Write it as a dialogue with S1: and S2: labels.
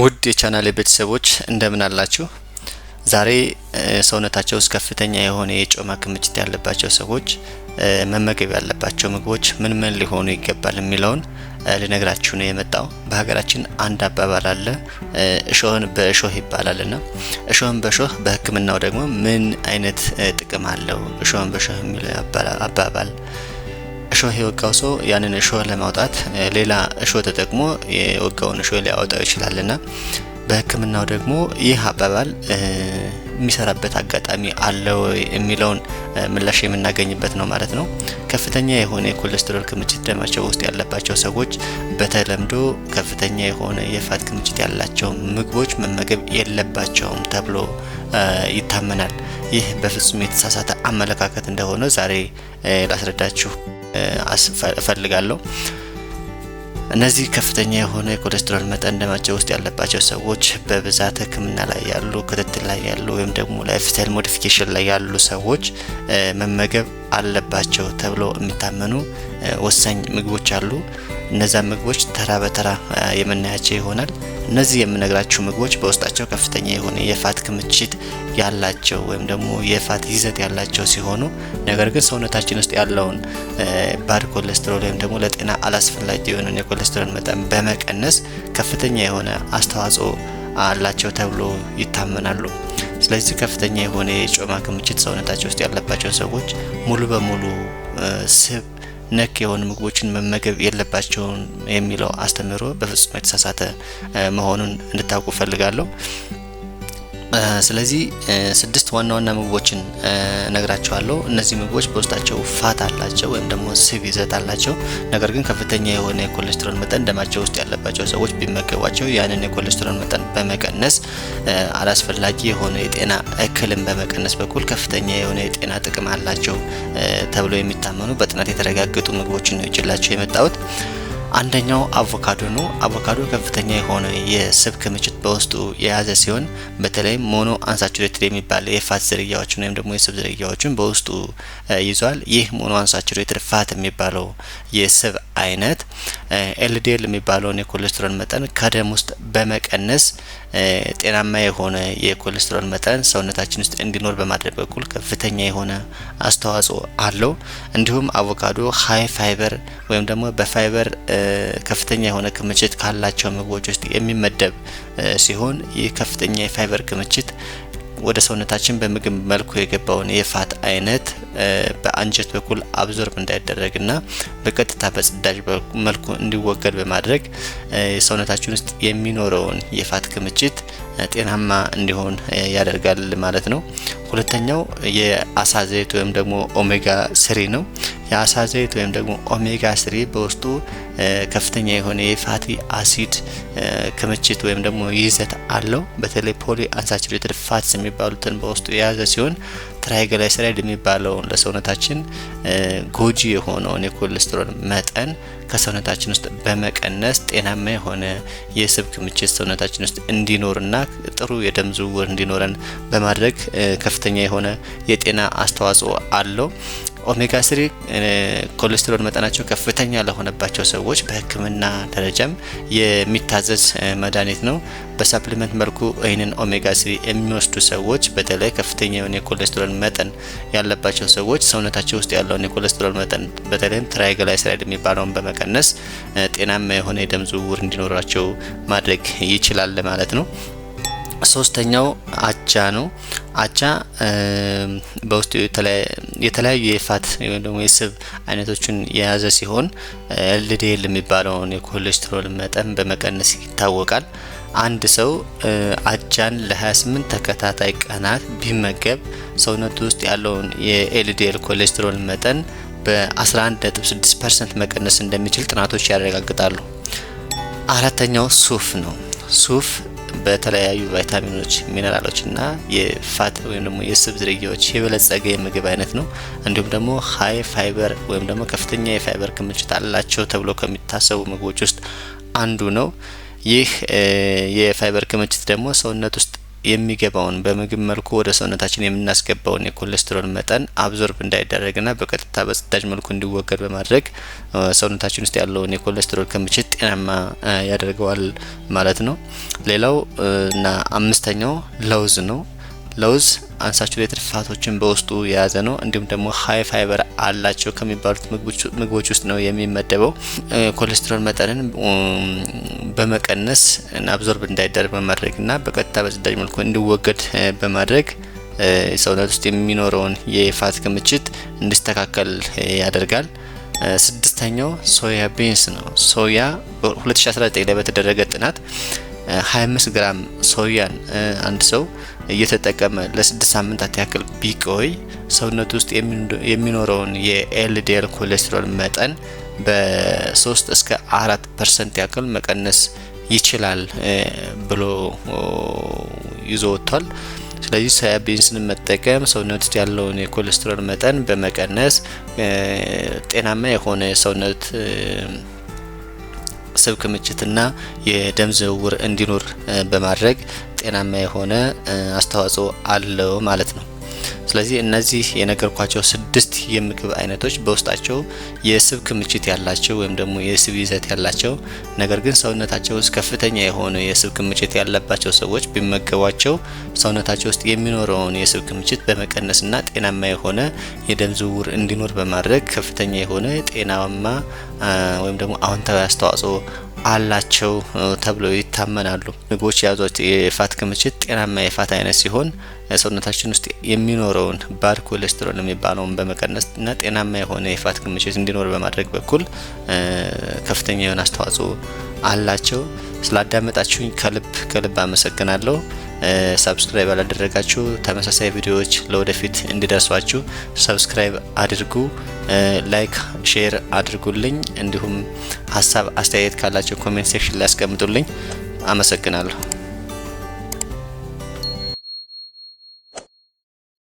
S1: ውድ የቻናል ቤተሰቦች እንደምን አላችሁ? ዛሬ ሰውነታቸው ውስጥ ከፍተኛ የሆነ የጮማ ክምችት ያለባቸው ሰዎች መመገብ ያለባቸው ምግቦች ምን ምን ሊሆኑ ይገባል የሚለውን ልነግራችሁ ነው የመጣው። በሀገራችን አንድ አባባል አለ፣ እሾህን በእሾህ ይባላል እና እሾህን በእሾህ በሕክምናው ደግሞ ምን አይነት ጥቅም አለው እሾህን በእሾህ የሚለው አባባል እሾህ የወጋው ሰው ያንን እሾህ ለማውጣት ሌላ እሾህ ተጠቅሞ የወጋውን እሾህ ሊያወጣው ይችላልና በሕክምናው ደግሞ ይህ አባባል የሚሰራበት አጋጣሚ አለ የሚለውን ምላሽ የምናገኝበት ነው ማለት ነው። ከፍተኛ የሆነ የኮሌስትሮል ክምችት ደማቸው ውስጥ ያለባቸው ሰዎች በተለምዶ ከፍተኛ የሆነ የፋት ክምችት ያላቸው ምግቦች መመገብ የለባቸውም ተብሎ ይታመናል። ይህ በፍጹም የተሳሳተ አመለካከት እንደሆነ ዛሬ ላስረዳችሁ እፈልጋለሁ። እነዚህ ከፍተኛ የሆነ የኮሌስትሮል መጠን ደማቸው ውስጥ ያለባቸው ሰዎች በብዛት ሕክምና ላይ ያሉ፣ ክትትል ላይ ያሉ ወይም ደግሞ ላይፍ ስታይል ሞዲፊኬሽን ላይ ያሉ ሰዎች መመገብ አለባቸው ተብሎ የሚታመኑ ወሳኝ ምግቦች አሉ። እነዛ ምግቦች ተራ በተራ የምናያቸው ይሆናል። እነዚህ የምነግራችሁ ምግቦች በውስጣቸው ከፍተኛ የሆነ የፋት ክምችት ያላቸው ወይም ደግሞ የፋት ይዘት ያላቸው ሲሆኑ ነገር ግን ሰውነታችን ውስጥ ያለውን ባድ ኮሌስትሮል ወይም ደግሞ ለጤና አላስፈላጊ የሆነን የኮሌስትሮል መጠን በመቀነስ ከፍተኛ የሆነ አስተዋጽኦ አላቸው ተብሎ ይታመናሉ። ስለዚህ ከፍተኛ የሆነ የጮማ ክምችት ሰውነታቸው ውስጥ ያለባቸው ሰዎች ሙሉ በሙሉ ስብ ነክ የሆኑ ምግቦችን መመገብ የለባቸውም የሚለው አስተምህሮ በፍጹም የተሳሳተ መሆኑን እንድታውቁ ፈልጋለሁ። ስለዚህ ስድስት ዋና ዋና ምግቦችን ነግራቸዋለሁ። እነዚህ ምግቦች በውስጣቸው ፋት አላቸው ወይም ደግሞ ስብ ይዘት አላቸው። ነገር ግን ከፍተኛ የሆነ የኮሌስትሮል መጠን ደማቸው ውስጥ ያለባቸው ሰዎች ቢመገቧቸው ያንን የኮሌስትሮል መጠን በመቀነስ አላስፈላጊ የሆነ የጤና እክልን በመቀነስ በኩል ከፍተኛ የሆነ የጤና ጥቅም አላቸው ተብሎ የሚታመኑ በጥናት የተረጋገጡ ምግቦችን ነው ይችላቸው የመጣሁት። አንደኛው አቮካዶ ነው። አቮካዶ ከፍተኛ የሆነ የስብ ክምችት በውስጡ የያዘ ሲሆን በተለይም ሞኖ አንሳቹሬትድ የሚባል የፋት ዝርያዎችን ወይም ደግሞ የስብ ዝርያዎችን በውስጡ ይዟል። ይህ ሞኖ አንሳቹሬትድ ፋት የሚባለው የስብ አይነት ኤልዲኤል የሚባለውን የኮሌስትሮል መጠን ከደም ውስጥ በመቀነስ ጤናማ የሆነ የኮሌስትሮል መጠን ሰውነታችን ውስጥ እንዲኖር በማድረግ በኩል ከፍተኛ የሆነ አስተዋጽኦ አለው። እንዲሁም አቮካዶ ሀይ ፋይበር ወይም ደግሞ በፋይበር ከፍተኛ የሆነ ክምችት ካላቸው ምግቦች ውስጥ የሚመደብ ሲሆን ይህ ከፍተኛ የፋይበር ክምችት ወደ ሰውነታችን በምግብ መልኩ የገባውን የፋት አይነት በአንጀት በኩል አብዞርብ እንዳይደረግና በቀጥታ በጽዳጅ መልኩ እንዲወገድ በማድረግ ሰውነታችን ውስጥ የሚኖረውን የፋት ክምችት ጤናማ እንዲሆን ያደርጋል ማለት ነው። ሁለተኛው የአሳ ዘይት ወይም ደግሞ ኦሜጋ ስሪ ነው። የአሳ ዘይት ወይም ደግሞ ኦሜጋ ስሪ በውስጡ ከፍተኛ የሆነ የፋቲ አሲድ ክምችት ወይም ደግሞ ይዘት አለው። በተለይ ፖሊ አንሳቹሬትድ ፋትስ የሚባሉትን በውስጡ የያዘ ሲሆን ትራይግላይሰራይድ የሚባለውን ለሰውነታችን ጎጂ የሆነውን የኮሌስትሮል መጠን ከሰውነታችን ውስጥ በመቀነስ ጤናማ የሆነ የስብ ክምችት ሰውነታችን ውስጥ እንዲኖርና ጥሩ የደም ዝውውር እንዲኖረን በማድረግ ከፍተኛ የሆነ የጤና አስተዋጽኦ አለው። ኦሜጋ ስሪ ኮሌስትሮል መጠናቸው ከፍተኛ ለሆነባቸው ሰዎች በሕክምና ደረጃም የሚታዘዝ መድኃኒት ነው። በሳፕሊመንት መልኩ ይህንን ኦሜጋ ስሪ የሚወስዱ ሰዎች በተለይ ከፍተኛ የሆነ የኮሌስትሮል መጠን ያለባቸው ሰዎች ሰውነታቸው ውስጥ ያለውን የኮሌስትሮል መጠን በተለይም ትራይግላይሰራይድ የሚባለውን በመቀነስ ጤናማ የሆነ የደም ዝውውር እንዲኖራቸው ማድረግ ይችላል ማለት ነው። ሶስተኛው አጃ ነው። አቻ በውስጡ የተለያዩ የፋት ወይም ደግሞ የስብ አይነቶችን የያዘ ሲሆን ኤልዲኤል የሚባለውን የኮሌስትሮል መጠን በመቀነስ ይታወቃል። አንድ ሰው አጃን ለ28 ተከታታይ ቀናት ቢመገብ ሰውነቱ ውስጥ ያለውን የኤልዲኤል ኮሌስትሮል መጠን በ11.6 ፐርሰንት መቀነስ እንደሚችል ጥናቶች ያረጋግጣሉ። አራተኛው ሱፍ ነው። ሱፍ በተለያዩ ቫይታሚኖች፣ ሚነራሎች እና የፋት ወይም ደግሞ የስብ ዝርያዎች የበለጸገ የምግብ አይነት ነው። እንዲሁም ደግሞ ሀይ ፋይበር ወይም ደግሞ ከፍተኛ የፋይበር ክምችት አላቸው ተብሎ ከሚታሰቡ ምግቦች ውስጥ አንዱ ነው። ይህ የፋይበር ክምችት ደግሞ ሰውነት ውስጥ የሚገባውን በምግብ መልኩ ወደ ሰውነታችን የምናስገባውን የኮሌስትሮል መጠን አብዞርብ እንዳይደረግና በቀጥታ በጽዳጅ መልኩ እንዲወገድ በማድረግ ሰውነታችን ውስጥ ያለውን የኮሌስትሮል ክምችት ጤናማ ያደርገዋል ማለት ነው። ሌላው እና አምስተኛው ለውዝ ነው። ለውዝ አንሳቹሬትድ ፋቶችን በውስጡ የያዘ ነው። እንዲሁም ደግሞ ሀይ ፋይበር አላቸው ከሚባሉት ምግቦች ውስጥ ነው የሚመደበው። ኮሌስትሮል መጠንን በመቀነስ አብዞርብ እንዳይደረግ በማድረግና በቀጥታ በጽዳጅ መልኩ እንዲወገድ በማድረግ ሰውነት ውስጥ የሚኖረውን የፋት ክምችት እንዲስተካከል ያደርጋል። ስድስተኛው ሶያ ቢንስ ነው። ሶያ በ2019 ላይ በተደረገ ጥናት 25 ግራም ሶያን አንድ ሰው እየተጠቀመ ለስድስት ሳምንታት ያክል ቢቆይ ሰውነቱ ውስጥ የሚኖረውን የኤልዲኤል ኮሌስትሮል መጠን በ3 እስከ 4 ፐርሰንት ያክል መቀነስ ይችላል ብሎ ይዞ ወጥቷል። ስለዚህ ሶያቢንስን መጠቀም ሰውነት ውስጥ ያለውን የኮሌስትሮል መጠን በመቀነስ ጤናማ የሆነ ሰውነት የስብ ክምችትና የደም ዝውውር እንዲኖር በማድረግ ጤናማ የሆነ አስተዋጽኦ አለው ማለት ነው። ስለዚህ እነዚህ የነገርኳቸው ስድስት የምግብ አይነቶች በውስጣቸው የስብ ክምችት ያላቸው ወይም ደግሞ የስብ ይዘት ያላቸው ነገር ግን ሰውነታቸው ውስጥ ከፍተኛ የሆነ የስብ ክምችት ያለባቸው ሰዎች ቢመገቧቸው ሰውነታቸው ውስጥ የሚኖረውን የስብ ክምችት በመቀነስና ጤናማ የሆነ የደም ዝውውር እንዲኖር በማድረግ ከፍተኛ የሆነ ጤናማ ወይም ደግሞ አዎንታዊ አስተዋጽኦ አላቸው ተብለው ይታመናሉ። ምግቦች የያዟት የፋት ክምችት ጤናማ የፋት አይነት ሲሆን ሰውነታችን ውስጥ የሚኖረውን ባድ ኮሌስትሮል የሚባለውን በመቀነስ እና ጤናማ የሆነ የፋት ክምችት እንዲኖር በማድረግ በኩል ከፍተኛ የሆነ አስተዋጽኦ አላቸው። ስላዳመጣችሁኝ ከልብ ከልብ አመሰግናለሁ። ሰብስክራይብ ያላደረጋችሁ ተመሳሳይ ቪዲዮዎች ለወደፊት እንዲደርሷችሁ ሰብስክራይብ አድርጉ። ላይክ፣ ሼር አድርጉልኝ። እንዲሁም ሀሳብ አስተያየት ካላቸው ኮሜንት ሴክሽን ላይ ያስቀምጡልኝ። አመሰግናለሁ።